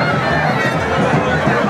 すごい